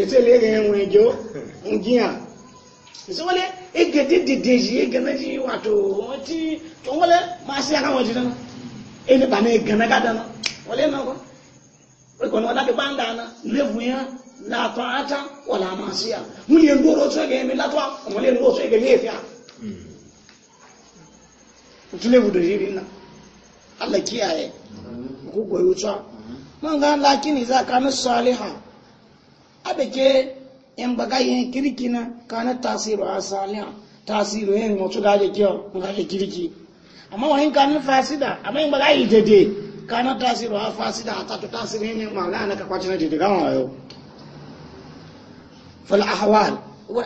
ètò ìlérè ẹ̀wọ̀n ìjọ ń jiyàn ìsọwọ́lẹ̀ egede dèdè yìí egana yìí wàtò wọ́n ti tọ́wọ́lẹ̀ máa ṣe ara wọn jìnnà ẹni bàmí egana dáná wọlé náà kọ́ ìkọ̀nà wọn dákẹ́ bá ń dáná yẹn látọ̀ ata wọ̀là máa ṣe à mú lè ńdóró tó ẹgẹ mi látọ̀ àwọn lè ńdóró tó ẹgẹ mi èfìà ìtúlẹ̀wù dèjì abeke in baga yin kirki na kana tasiru asaliya tasiru yin mutu ga da kyau ga da kirki amma wahin kana fasida amma in baga yi dede kana tasiru ha fasida ta to tasiru yin mala na ka kwacin dede ga wayo fal ahwal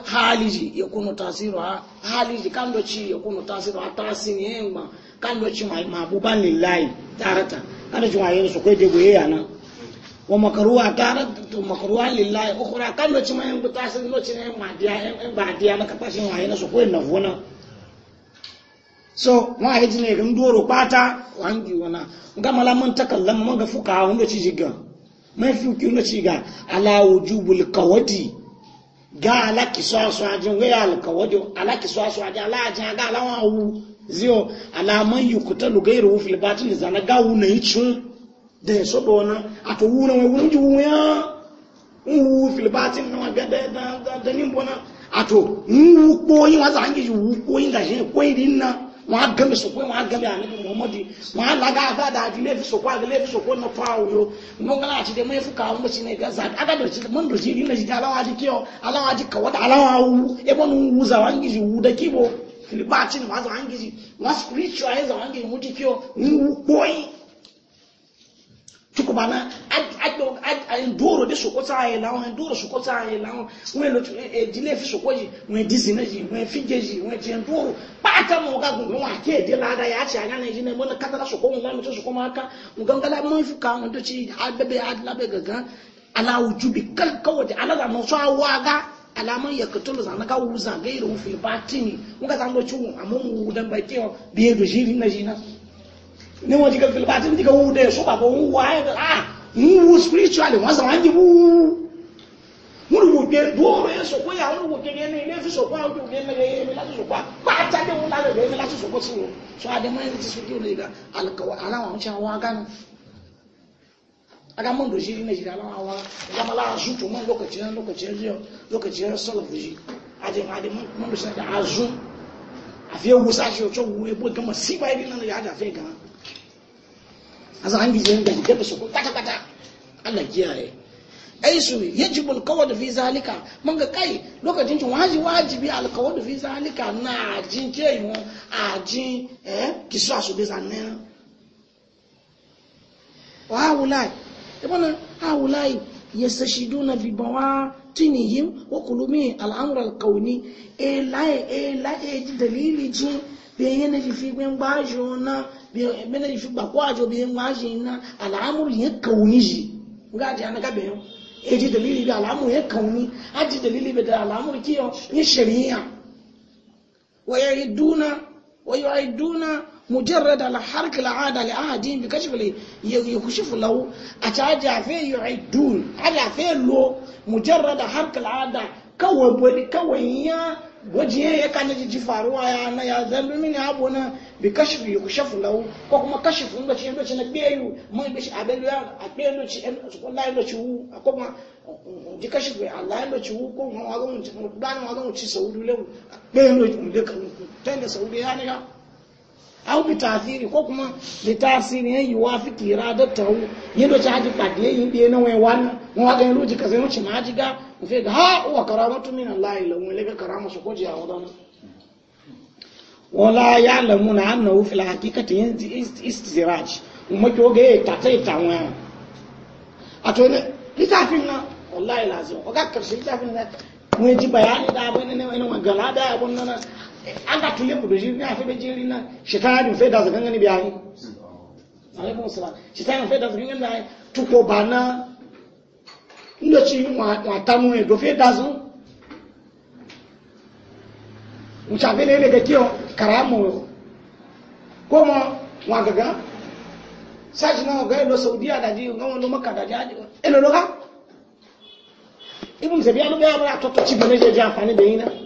haliji yakunu tasiru ha haliji kan do ci yakunu tasiru ha tasiru yin ma kan do ci ma mabuban lillahi tarata kan do ci ma yin su ko de boye yana wa makaruwa tare da makaruwa lillahi ukhra kan lo cima yan buta sun lo cima yan madiya yan badiya na kafashin waye na su koyin na vona so ma haji ne gan doro pata wangi wana ga malaman takallan man ga fuka wanda ci jiga mai fuki wanda ci ga ala wujubul qawadi ga ala kisasu ajin ga al qawadi ala kisasu ajin ala ajin ga ala wa wu zio ala man yukutalu gairu fil batil zana ga wu na yicun da sodo na aka wuna wai wani ji wuya wu filibatin na waga da da da wu koyin wa wu koyin da shi koyin din na wa gabe so koyin wa gabe ga da da da kibo filibatin wa tukuma e, e, na ajo ndoro de soko ta aye lawon ndoro soko ta aye lawon wọn lo a fi soko yìí wọn disi na yìí wọn fi jẹ yìí wọn jẹ ndoro pàtà mọ ọgá gùn wọn àti èdè lára yà àti àyà nàìjíríà náà mọnà kátàlá soko wọn lámì tó soko máa ká nǹkan gánlá mọ ìfúkà wọn tó ti abẹbẹ adúlábẹ gàngán aláwùjú bi kálíkọwọ di aládàmọ sọ awọ aga alaman yakatulu zan ga wuzan gairu fi batini wọn ka zan lọ ciwon àmọ wọn wù dan bàtẹ ọ bí edo jìrì na jìrì na. ni wọn jika filipa ati jika wu de so babo wu wa ayi ah wu wu spiritually wọn sàn wọn wu wọn wò gbé dúró yẹn sọkó yà wọn wò gbé yẹn ní ilé fi sọkó àwọn tó gbé mẹlẹ yẹn mi láti sọkó pàtà dé wọn lálẹ yẹn mi láti so àdèmọ yẹn ti sọkó lè ga alakawa aláwọn ọ̀hún ṣe àwọn agánu aga ṣe wu gama gan azan an gije ga gaba su ko kwata-kwata Allah kiyaye ai su yajibu alqawd fi zalika mun ga kai lokacin cin waji wajibi alqawd fi zalika na jin ke mu a jin eh su asu be zanne wa hawlai ibn e hawlai yastashiduna bi bawa tinihim wa kulumi al'amura alkauni e laye e laye e ji dalili ji be yana fifi gbe gbajo na bena yusuba kwajo be mwaji na al'amuru ya kauni ji ga ji anaka be eji dalili bi al'amuru ya kauni aji dalili bi al'amuru kiyo ya shari'a wa yaiduna wa yaiduna مجرد على حرك العادة لأحدهم بكشف يكشف له أتاجع فيه يعدون على فيه لو مجرد حرك العادة كوي بولي كوي wajiye ya kana ji faruwa ya na ya zallu mini abu na bi yi yukshafu lahu ko kuma kashifu inda ci na biyu mun bi shi abelu ya abelu ci en su kullu inda wu ko ma ji kashfu Allah wu ko ma wa ga mun dan wa ga mun ci saudu lewu abelu ci mun da kan tan da saudu ya ya au bi tasiri ko kuma bi tasiri ne yi wafi kira da tawu yin da haji pàdé yin bi na wen wan mo wa gan ruji kaze no ma haji ga mo fe ga ha wa karamatu min allah la mo le ga karama su ko ji awon dan wala ya'lamuna annahu fil haqiqati istizraj mo ko ga ta ta ta A ato ne litafin na wallahi lazim o ga karshe litafin na mo ji bayani da abin ne ne wa galada abun nan an ga tile ku bejiri na febe jiri na shitani fe da zagan gani biyayi alaikum salam shitani fe da zagan gani biyayi tuko bana ndo ci wa mu e do fe da zu mchabe ne ne ga kiyo karamu ko mo wa gaga saji na ga lo saudi ada ji ngam lo makka da ji elo lo ga ibn zabi alu ga ba to to ci bane je ja fani be ina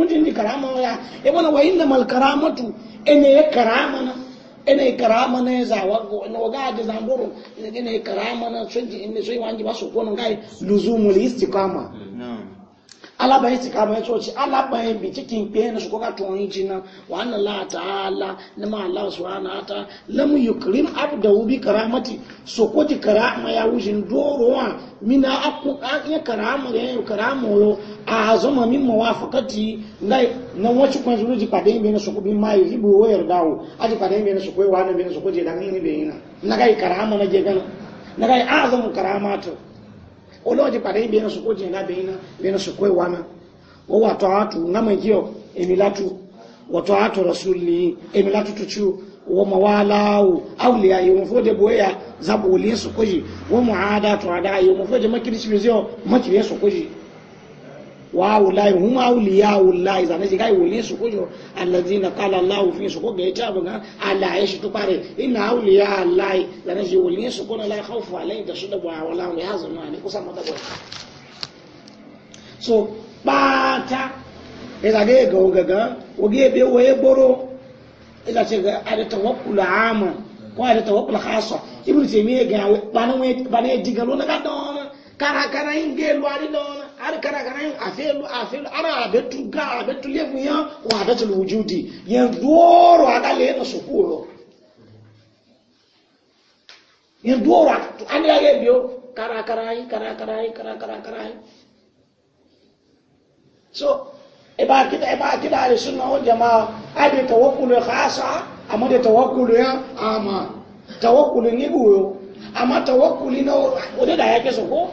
mutum ji karama ya ya mana wayin da mal karamatu ene ya karama na ene karama na ya zawa na waga da zamburu ene karama na sun ji inda sun yi wani ba su kona ngai luzumul istiqama alaban yin mai bayan tsoci alaban cikin bincikin biyan su koka tuwon jina wa annan la ala na ma ala su hana ta lamu yukrim abdahu wubi karamati so ko ti karama ya wujin dorowa mina aku, ya karama ya yi karama yo a zama min mawafakati ngai na wacce kun zuru ji pade yin su ko bin hibu wayar dawo aji pade yin su ko wa na bin su kwaje da dan yin na gai karama na je gana na gai azamu karamatu olóòjì pàdé ibi ẹnu sùkó jìn lábẹ́ iná ibi ẹnu sùkó ìwà náà ó wà tọ́ àtù námọ̀ jí ọ èmi látù wọ̀tọ́ àtù rọ̀sù lè èmi látù tuntun wọ́n mọ̀ wá láwù áwùlẹ̀ àyẹ̀wò fún òde bóyá zabu olè sùkó yìí wọ́n mọ̀ àádá tó àdá àyẹ̀wò fún òde mọ́kìrì sí wa ulai hum awliya ulai zane shi kai wuli su kujo allazina qala allah fi su ko gaita buga ala ya shi tukare, tupare inna awliya allah zane shi wuli su kuna la khawfu alai da su da wa wala mu ya zama ne kusa mata ko so bata ila ga ga gaga oge be waye boro ila ce ga ada tawakkul ama ko ada tawakkul khassa ibnu taymiya ga bana bana digalo na ga don kara kara inge lwari don Ari kana kana yin afelu afelu ana abetu ga abetu lebu ya wa da tul wujudi yan duoro aka le na sukuro yan duoro to an ya ye biyo kara kara yi kara kara yi kara kara kara yi so e ba kida e ba kida ali sunna wal jamaa abi tawakkulu khasa amade tawakkulu ya ama tawakkulu ni buyo amma tawakkuli na wadda da yake so ko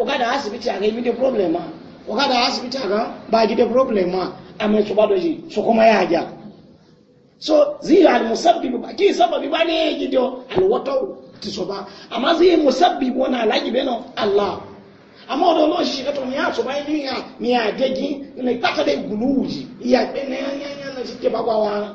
ogada asibiti aga imi de problem ma ogada asibiti aga baagi de problem ma ama soba doji ya aja so ziyo almusabbibu ki sababi bani yeji do alwatau ti soba na alaji beno allah ama odo lo shi kato ni aso ba ni ya ni adeji ni pata de guluji ne na shi ke wa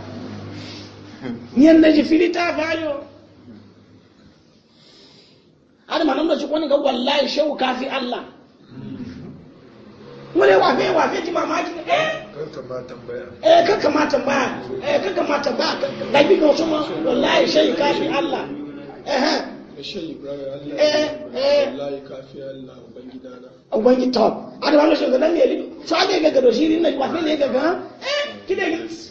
nyen na ji filita fayo har ma nan da ci kwani ga wallahi shehu kafi Allah wani wafe wafe ji mamaki eh kanka ma tambaya eh kanka ma tambaya eh kanka ma tambaya da bi no suma wallahi shehu kafi Allah eh Shehu Ibrahim Allah eh eh wallahi kafi Allah ubangidana ubangi top ada wani shugaban ne lido so ake ga gado shi ne wafe ne ga ga eh kide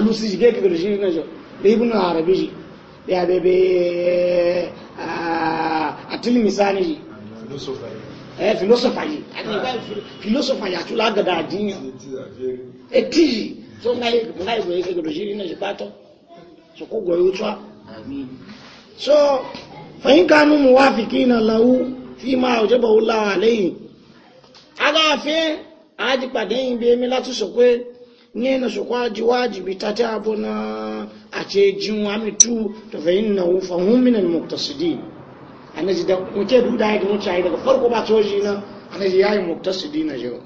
alusi shi geke da shi na jo da ibn arabi shi da ya a filosofa yi filosofa ya tula ga da ajiya e tiji nga yi nga yi goye kege da na shi so ko goye amin so fahim kanu muwafiqina wa fi ma wajaba Allah alayhi aga fe aji pade yin bi emi latu so pe nye na su kwaji wajibi ta ta abu na a ce jin wami tu ta fahim na wufa humminan muktasidi a na ji da muke duda ya gina cayi daga farko ba coji na a na ji ya yi muktasidi na jiwa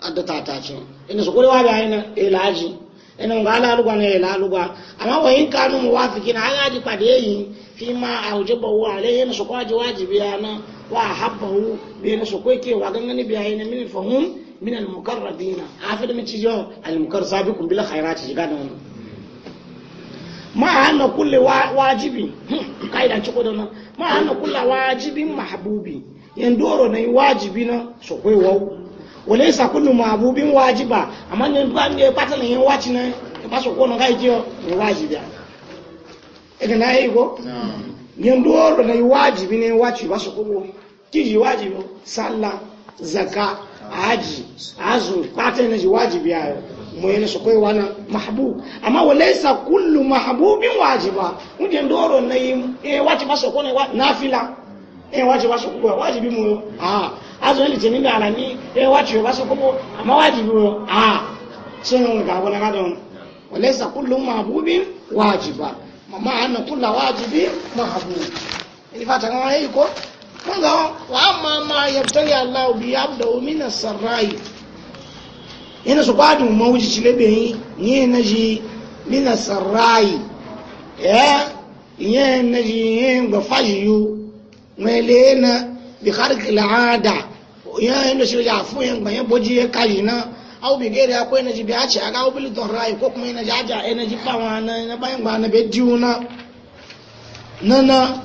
a da ta tace ina su kwarewa da yana ilaji ina ga alaluwa na ilaluwa amma wayin kanu mu wafiki na an yaji kwade yi fi ma a hujji bawu a na sokwa ji kwaji wajibi ya na wa habbahu bi na su kwai kewa gangani biya yi na mini fahim min al-muqarrabina afida min ci jo al-muqar sabiqun bil khairati shiga da wannan ma hanna kulli wajibi kaida ci kodon ma hanna kulli wajibin mahbubi yandoro nay wajibi na so koi wau wale sa kullu mahbubin wajiba amma ne ba ne patana yin waci na ba so ba sallah haji azumi kwata yana ji wajibi yayo mu yana su kai wani mahabub amma walaisa kullu mahabubin wajiba wuje ndoro na yi eh wajiba nafila e wajiba su e, kuma wajibi mu a azumi litinin da alami e wajiba su kuma amma wajibi mu sun yi ga wani kullu wajiba amma kullu wajibi mahabub ni nga wa amma ma ya allah bi yabda da as-sarai ina su kwadu mawuji ci lebe yi ni na ji min sarai eh iye na ji iye ga fajiyu mele na bi kharq al-ada iye na shi ya fu yen gba ya boji ya kaji na aw bi gere akwai na ji bi aci aga aw bi don rai ko kuma ina ji aja ina ji pawa na na bayan gba na be diuna nana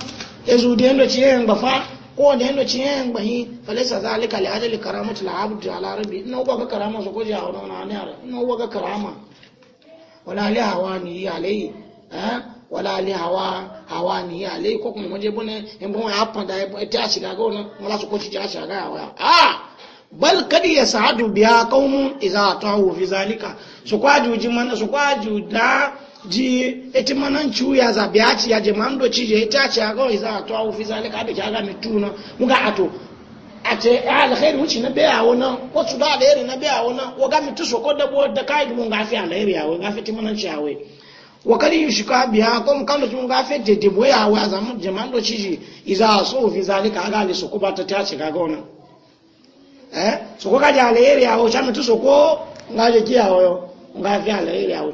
ezu di endo ci yen gba fa kowane yadda ci yayin gbahi falisa za alika li ajali karamatu la abdu ala rabbi ina uba ga karama su koje a wani wani ara ina uba ga karama wala li hawa ni alai eh wala li hawa hawa ni alai ko kuma waje bune in bon ya fanda ya ta shiga ga wannan wala su koje ta shiga ga waya ah bal kadi ya sa'adu biya qaumun idza ta'u fi zalika su kwajuji man su da ji eti manan cuya za biachi ya jemando mando ci je ita ce ga wai za a to ofi za ka da kaga mi tuna muga ato a ce alkhairi wuci na biya wona ko su da alkhairi na biya na, wa ga mi tuso ko da bo da kai mun gafi alkhairi ya wai gafi ti manan ciya wai wa kari yushika biya ko mun kando mun gafi de de boya wa za mu je mando ci iza so ofi za ka ga le so ko ba ta ta ce eh so ko ga da alkhairi ya cha mi tuso ko ngaje kiya wayo ngafi alkhairi ya wai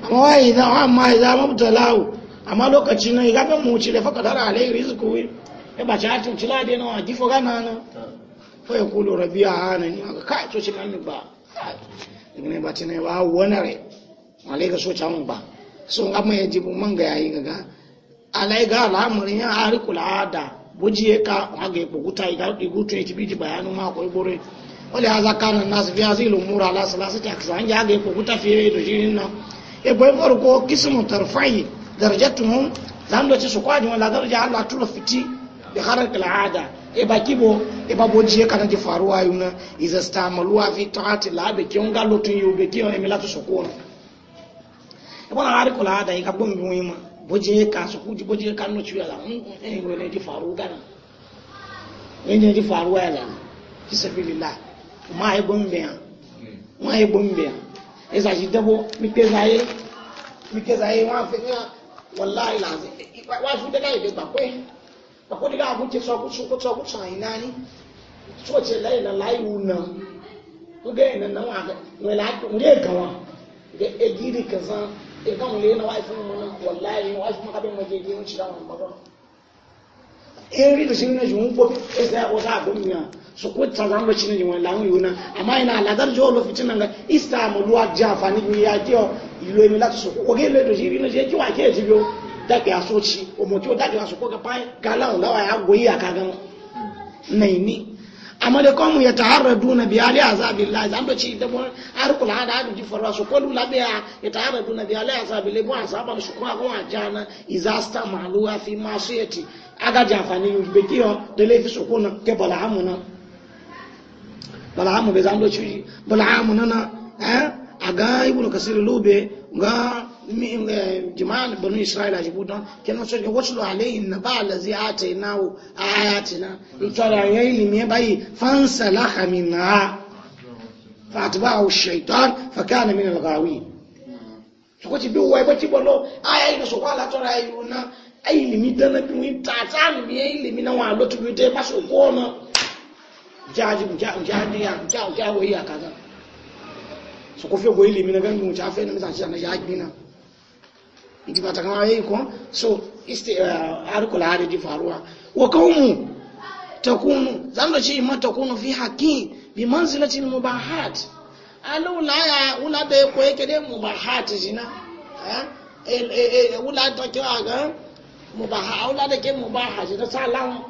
kawai idan za amma ya za mabtalahu amma lokaci na ya gaban mu cire fa kadara alai rizqu ya ba ta tun cila da nawa gifo gana na fa ya kulu rabia hanani aka kai to shi kan ba ne ba tana ba wani re alai ga so ta mun ba so amma ya bu man ga yayi ga alai ga al'amarin ya harikul ada ya ka haga ya kuguta ya tibiji bayanin mako ibore wale haza kanan nasu biya zai lomura ala salasita kisa an ji ya kuguta fiye da jirin nan eboyin farko kismun tarfai darajatuhum zan doce su kwaji wala daraja Allah tura fiti bi harar al'ada e ba kibo e ba boji ya kana faruwa yuna iza stamaluwa fi ta'ati la be kiyon galo tun yu be kiyon emila to sokona e bona la al'ada e ka bom bi wima boji ya ka su kuji boji ya kan no ciya la e wele di faru gana e ne di faruwa ya la fi sabilillah ma e bombe ya ma e bombe ya yasa shi dabo mike zaye mike zaye wọn fi ní wàláì làzẹ pé gbàgbọ́ dẹ́ka àgùntì sọkúsù sọkúsù àyìn náà ni sọ́ọ̀tì lẹ́yìn náà láì wù náà wọ́n gẹ́ ẹ̀nà náà wọ́n lè wọ́n lè gàn wọn gẹ́ egiri kẹsàn ẹ̀ka wọn lè náà wáyé fún su ko zama zan ba shine jiwon lawun yuna amma ina ladar jo lo fitin nga ista e mu luwa ja fani mi ya ke ilo mi la su ko ge le do jiri ne je ki wa ke ji bio da ke aso ci o mo ti o da ke aso ko ga pa ga lawun ga wa ya goyi ya ka ga nai ni amma da kawai ya taharraduna bi ali azabillahi zan ba ci da mun har kula da hadu ji farwa su kullu la biya ya taharraduna bi ali azabillahi bu asaban su kuma ga jana izasta e maluwa fi masiyati aga jafani bi kiyo da laifi su kuna ke bala amuna balhamu bai zama ci bal'amu nana a ga ibnu kasir lube ga jima'an banu isra'ila jibu don kenan so ke wasu alayhi na ba alazi atayna wa ayatina in tsara yayi limi bayi fansalaha minha فأتبعه الشيطان فكان من الغاوين sọkọtì bí wọ ẹgbẹ́ bolo, bọ̀ lọ ayé ìlú sọkọ́ alátọ́ra ìlú náà ayé lèmi dáná dana wọ́n ta táàmì bí ayé lèmi náà wọn àlọ́ tó fi dé bá sọkọ́ náà. jaji mjadi ya mjao jawe ya kaza so kufio go ili mina gangu mchafe na msa na jaji na ndi batakama yiko so isti eh, arko la hadi faruwa wa kaumu takunu zanda chi ma takunu fi haqi bi manzilati mubahat alu la ya ula be ko yake de mubahat jina eh, eh, eh ula takiwa ga mubaha ula da ke mubaha jina salam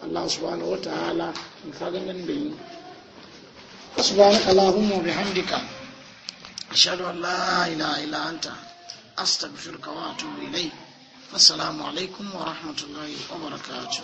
Allah subhanahu wataala ga ganin da yi subhanaka allahumma wa bihamdika ashhadu an la ilaha illa anta astaghfiruka wa atubu ilayk assalamu alaikum wa rahmatulahi wa barakatu.